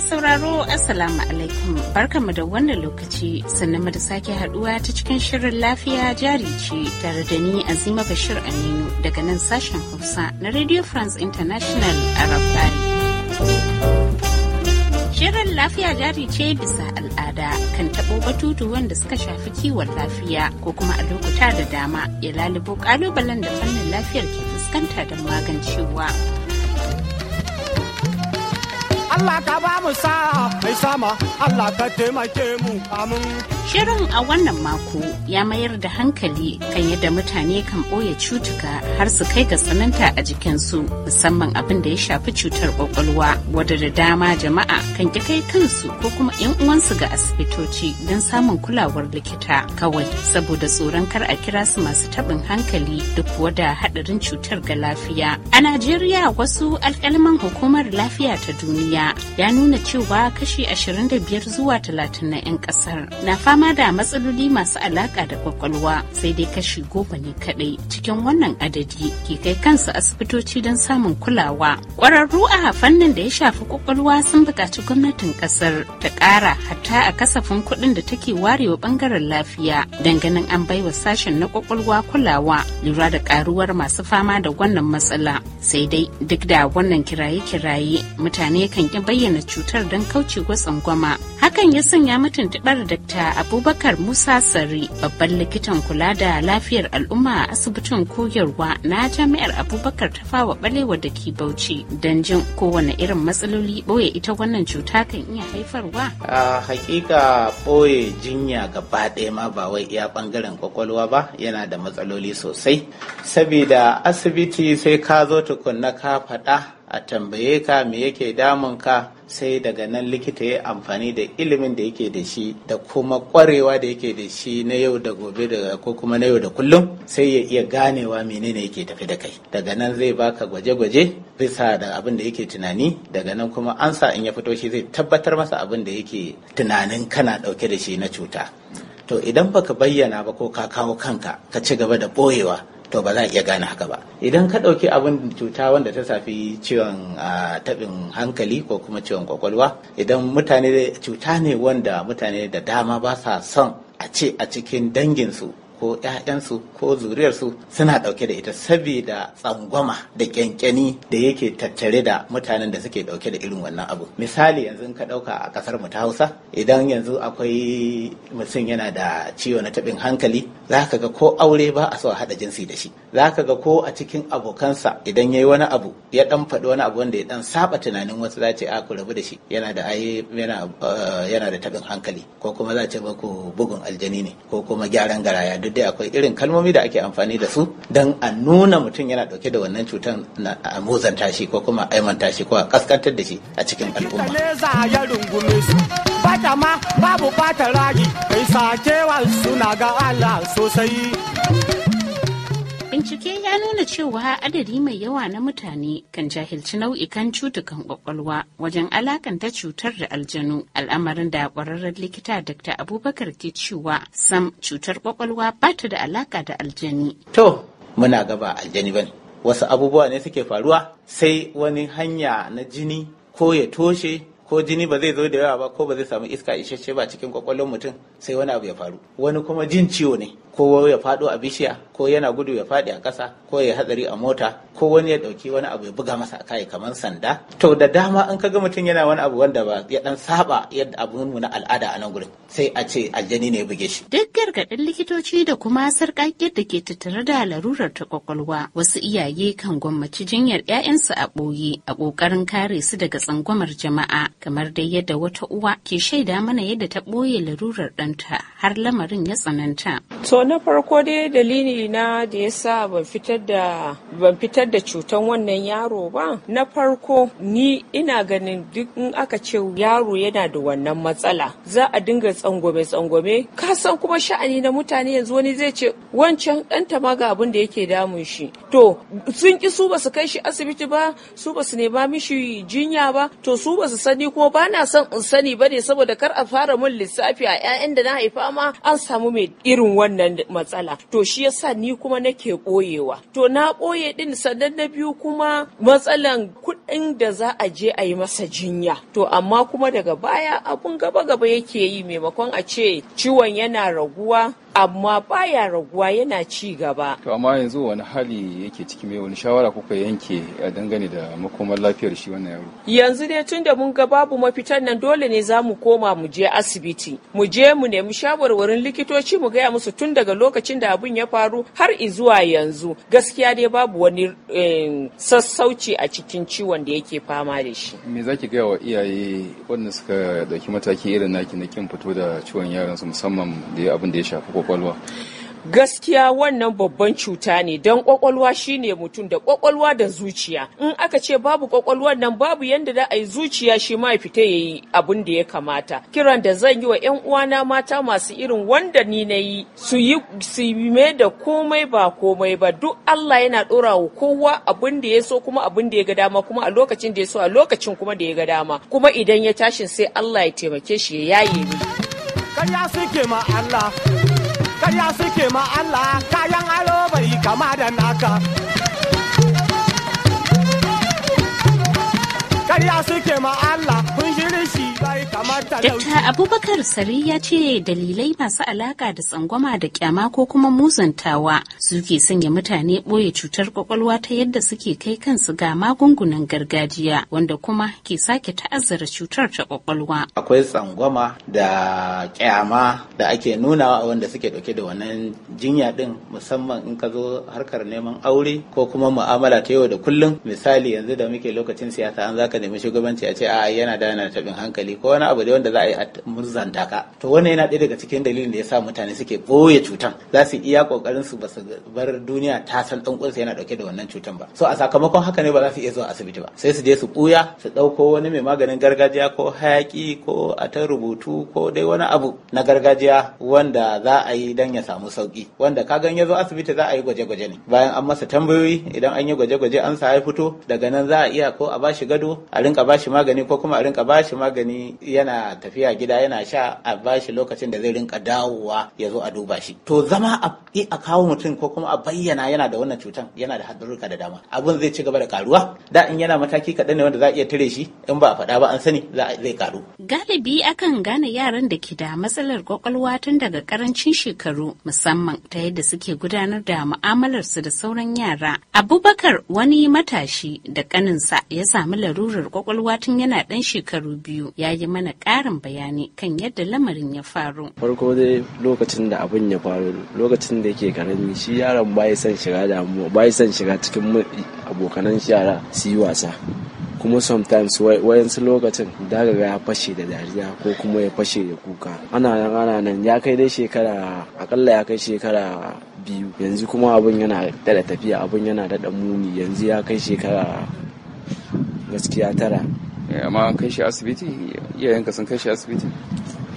sauraro Assalamu alaikum barkamu da wannan lokaci sannan da sake haduwa ta cikin shirin lafiya jari ce tare da ni Azima Bashir Aminu daga nan sashen Hausa na Radio France International Arab bari. Shirin lafiya jari ce bisa al'ada kan taɓo batutu wanda suka shafi kiwon lafiya ko kuma a lokuta da dama ya lalubo ƙalubalen da fannin lafiyar ke fuskanta da magancewa. Allah ka ba mu sa mai sama Allah ka taimake mu amin. Shirin a wannan mako ya mayar da hankali kan yadda mutane kan ɓoye cutuka har su kai ga tsananta a jikin su musamman abin da ya shafi cutar kwakwalwa wadda da dama jama'a kan ƙi kai kansu ko kuma 'yan uwansu ga asibitoci don samun kulawar likita kawai saboda tsoron kar a kira su masu tabin hankali duk wada haɗarin cutar ga lafiya. A Najeriya wasu alƙalman hukumar lafiya ta duniya ya nuna cewa kashi 25 zuwa 30 na 'yan kasar na fama da matsaloli masu alaka da kwakwalwa sai dai kashi goma ne kadai cikin wannan adadi ke kai kansu asibitoci don samun kulawa kwararru a fannin da ya shafi kwakwalwa sun buƙaci gwamnatin kasar ta ƙara hatta a kasafin kuɗin da take warewa bangaren lafiya ganin an baiwa sashen na kwakwalwa kulawa lura da ƙaruwar masu fama da wannan matsala sai dai duk da wannan kiraye-kiraye mutane kan ya bayyana cutar don kauce wa gwama Hakan ya sanya mutuntuɓar Dr. Abubakar Musa Sari babban likitan kula da lafiyar al'umma a asibitin koyarwa na jami'ar Abubakar ta fawa balewa da ke Bauchi don jin kowane irin matsaloli ɓoye ita wannan cuta kan iya haifarwa. A hakika ɓoye jinya gaba ɗaya ma ba wai iya ɓangaren kwakwalwa ba yana da matsaloli sosai. Sabida asibiti sai ka zo tukunna ka faɗa a tambaye ka me yake damun ka sai daga nan likita ya amfani da ilimin da yake da shi da kuma kwarewa da yake da shi na yau da gobe da ko kuma na yau da kullum sai ya iya ganewa menene yake tafi da kai daga nan zai baka gwaje-gwaje bisa da abin da yake tunani daga nan kuma ansa in ya fito shi zai tabbatar masa abin da yake tunanin kana dauke da shi na cuta to idan baka bayyana ba ko ka kawo kanka ka ci gaba da boyewa to ba za a iya gane haka ba idan ka ɗauki abin cuta wanda ta safi ciwon taɓin hankali ko kuma ciwon kwakwalwa idan mutane cuta ne wanda mutane da dama ba sa son a ce a cikin danginsu ko 'ya'yansu ko zuriyarsu suna ɗauke da ita saboda tsangwama da kyankyani da yake tattare da mutanen da suke ɗauke da irin wannan abu misali yanzu ka ɗauka a ƙasar mu ta hausa idan yanzu akwai mutum yana da ciwo na taɓin hankali za ka ga ko aure ba a so a haɗa jinsi da shi za ka ga ko a cikin abokansa idan ya yi wani abu ya ɗan faɗi wani abu wanda ya ɗan saɓa tunanin wasu za ce a ah, ku rabu da shi yana da aye eh, yana da taɓin hankali ko kuma za ce ba ku bugun aljani ne ko kuma gyaran garaya duk dai akwai irin kalmomi da ake amfani da su don a nuna mutum yana dauke da wannan cutar a muzanta shi ko kuma aimanta shi ko a kaskantar da shi a cikin al'umma. Bata ma babu bata ragi, kai sakewa suna ga sosai. Bincike ya nuna cewa adadi mai yawa na mutane kan jahilci nau'ikan cutukan kwakwalwa wajen alakanta cutar da aljanu al'amarin da kwararren likita Dr. Abubakar ke cewa sam cutar kwakwalwa ba ta da alaka da aljani. To, muna gaba aljani bane. Wasu abubuwa ne suke faruwa sai wani hanya na jini ko ya toshe ko jini ba zai zo da yawa ba ko ba zai samu iska isasshe ba cikin kwakwalwar mutum sai wani abu ya faru wani kuma jin ciwo ne ko ya faɗo a bishiya ko yana gudu ya faɗi a ƙasa ko ya hatsari a mota ko wani ya ɗauki wani abu ya buga masa kai kamar sanda to da dama an kaga mutum yana wani abu wanda ba ya dan saba yadda abun mu na al'ada a nan gurin sai a ce aljani ne ya buge shi duk gargadin likitoci da kuma sarƙaƙiyar da ke tattare da larurar ta kwakwalwa wasu iyaye kan gwammaci jinyar 'ya'yansu a ɓoye a ƙoƙarin kare su daga tsangwamar jama'a kamar dai yadda wata uwa ke shaida mana yadda ta ɓoye larurar ɗanta har lamarin ya tsananta. to na farko dai dalili na da yasa sa ban fitar da ban fitar tarar da cutan wannan yaro ba na farko ni ina ganin duk in aka ce yaro yana da wannan matsala za a dinga tsangwame tsangwame kasan kuma sha'ani na mutane yanzu wani zai ce wancan dan ma ga abin da yake damun shi to sun ki su basu kai shi asibiti ba su basu nema ba mishi jinya ba to su basu sani kuma ba na son in sani ba ne saboda kar a fara mun lissafi a 'ya'yan da na haifa ma an samu mai irin wannan matsala to shi yasa ni kuma nake koyewa to na koye din san sannan na biyu kuma matsalan kuɗin da za a je a yi masa jinya to amma kuma daga baya abun gaba gaba yake yi maimakon a ce ciwon yana raguwa amma baya raguwa yana ci gaba. To amma yanzu wani hali yake ciki mai wani shawara kuka yanke a dangane da makomar lafiyar shi wannan yaro. Yanzu dai tun da mun ga babu mafitan nan dole ne za mu koma mu je asibiti. Mu je mu nemi shawarwarin likitoci mu gaya musu tun daga lokacin da abun ya faru har izuwa yanzu. Gaskiya dai babu wani sassauci a cikin ciwon da yake fama da shi. Me za ki gaya wa iyaye wanda suka dauki mataki irin naki na kin fito da ciwon yaransu musamman da abin da ya shafi ko kwakwalwa gaskiya wannan babban cuta ne don kwakwalwa shine mutum da kwakwalwa da zuciya in aka ce babu kwakwalwar nan babu yadda za a yi zuciya shi ma ya fita ya yi abin da ya kamata kiran da zan yi wa yan uwana mata masu irin wanda ni na yi su yi su me da komai ba komai ba duk Allah yana dora wa kowa abin da ya so kuma abin da ya ga dama kuma a lokacin da ya so a lokacin kuma da ya ga dama kuma idan ya tashi sai Allah ya taimake shi ya yaye ni. Kaya suke ma Allah. kariya suke ma Allah kayan aro bai kama da naka karya suke ma kun shirin shi bai Abubakar Sari ya ce dalilai masu alaka da tsangwama da kyama ko kuma muzantawa suke sanya mutane ɓoye cutar kwakwalwa ta yadda suke kai kansu ga magungunan gargajiya wanda kuma ke sake ta'azzara cutar ta kwakwalwa. Akwai tsangwama da kyama da ake nunawa a wanda suke dauke da wannan jinya din musamman in ka zo harkar neman aure ko kuma mu'amala ta yau da kullum misali yanzu da muke lokacin siyasa an zaka ka nemi shugabanci a ce a yana da yana tabin hankali ko wani abu da wanda za a yi murzanta ka to wannan yana ɗaya daga cikin dalilin da ya sa mutane suke boye cutan za su iya kokarin su ba su bar duniya ta san ɗan uwansa yana dauke da wannan cutan ba so a sakamakon haka ne ba za su iya zuwa asibiti ba sai su je su ɓuya su ɗauko wani mai maganin gargajiya ko hayaki ko a ta rubutu ko dai wani abu na gargajiya wanda za a yi dan ya samu sauki wanda ka gan ya zo asibiti za a yi gwaje-gwaje ne bayan an masa tambayoyi idan an yi gwaje-gwaje an sa ya fito daga nan za a iya ko a bashi gado a rinka bashi magani ko kuma a rinka bashi magani yana tafiya gida yana sha a bashi lokacin da zai rinka dawowa ya zo a duba shi to zama a kawo mutum ko kuma a bayyana yana da wannan cutan yana da haɗurruka da dama abun zai ci gaba da karuwa da in yana mataki kaɗan ne wanda za a iya tare shi in ba a faɗa ba an sani zai karu galibi akan gane yaran da ke da matsalar kwakwalwa tun daga karancin shekaru musamman ta yadda suke gudanar da mu'amalarsu da sauran yara abubakar wani matashi da kaninsa ya sami larura lalurar kwakwalwa tun yana ɗan shekaru biyu ya yi mana ƙarin bayani kan yadda lamarin ya faru. Farko dai lokacin da abin ya faru lokacin da yake karami shi yaron bai son shiga damuwa bai son shiga cikin abokanan yara su yi wasa. kuma sometimes wayansu lokacin daga ga ya fashe da dariya ko kuma ya fashe da kuka ana nan ana nan ya kai dai shekara akalla ya kai shekara biyu yanzu kuma abin yana dada tafiya abin yana dada muni yanzu ya kai shekara gaskiya tara eh, amma an kai shi asibiti iyayenka sun kai shi asibiti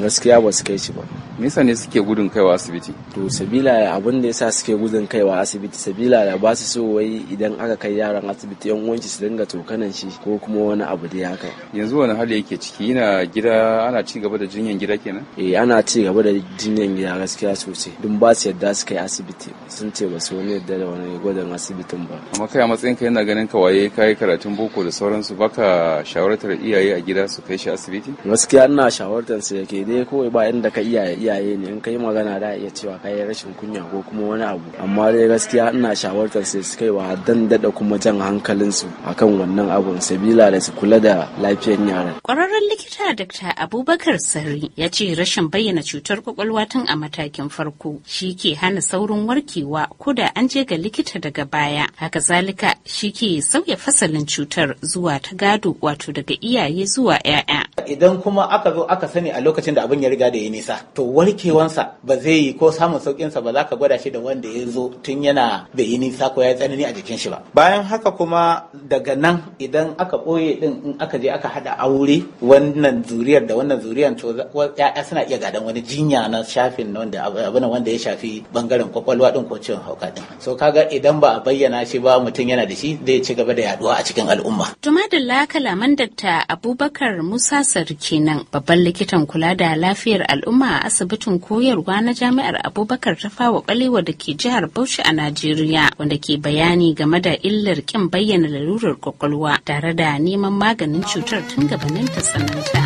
gaskiya ba su kai shi ba nisa ne suke gudun kaiwa asibiti to sabila abin da yasa suke gudun kaiwa asibiti sabila da ba su so wai idan aka kai yaran asibiti yan uwanci su dinga tokanan shi ko kuma wani abu da haka yanzu wani hali yake ciki ina gida ana ci gaba da jinyan gida kenan eh ana ci gaba da jinyan gida gaskiya sosai dun ba su yadda su kai asibiti sun ce ba su wani yadda da wani gwadon asibitin ba amma kai a matsayin yana ganin ka waye kai karatun boko da sauransu baka shawartar iyaye a gida su kai shi asibiti gaskiya ina shawartar su yake dai kawai ba inda ka iyaye iyaye ne in ka yi magana da iya cewa kai rashin kunya ko kuma wani abu amma dai gaskiya ina shawartar sai su kai wa dan dada kuma jan hankalinsu akan wannan abun sabila da su kula da lafiyar yaran. Kwararren likita Dr. Abubakar Sari ya ce rashin bayyana cutar kwakwalwa tun a matakin farko shi ke hana saurin warkewa ko da an je ga likita daga baya. Haka zalika shi ke sauya fasalin cutar zuwa ta gado wato daga iyaye zuwa 'ya'ya. idan kuma aka zo aka sani a lokacin da abin ya riga da ya nisa to warkewansa ba zai yi ko samun saukin sa ba za ka gwada shi da wanda ya zo tun yana bai yi nisa ko ya tsanani a jikin shi ba bayan haka kuma daga nan idan aka boye din in aka je aka hada aure wannan zuriyar da wannan zuriyar to ya'ya suna iya gadan wani jinya na shafin wanda abin wanda ya shafi bangaren kwakwalwa din ko ciwon hauka din so kaga idan ba a bayyana shi ba mutum yana da shi zai ci gaba da yaduwa a cikin al'umma to madalla kalaman dakta abubakar musa Masar kenan babban likitan kula da lafiyar al'umma a asibitin koyarwa na jami'ar Abubakar ta Tafawa Balewa da ke jihar Bauchi a Najeriya wanda ke bayani game da illar kin bayyana lalurar kwakwalwa tare da neman maganin cutar tun gabanin ta tsananta.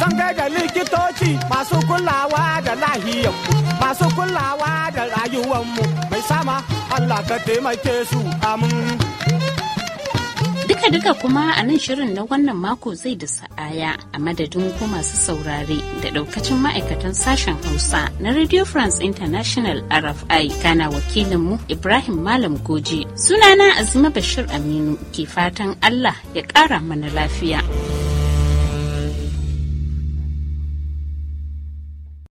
Zan kai ga likitoci masu kulawa da lahiyar masu kulawa da rayuwar mu mai sama Allah ka taimake su amin. Duka-duka kuma a nan shirin na wannan mako zai da sa'aya a madadin ku masu saurare da ɗaukacin ma'aikatan sashen Hausa na Radio France International RFI kana mu Ibrahim Malam Goje. Sunana Azima Bashir Aminu ke fatan Allah ya ƙara mana lafiya.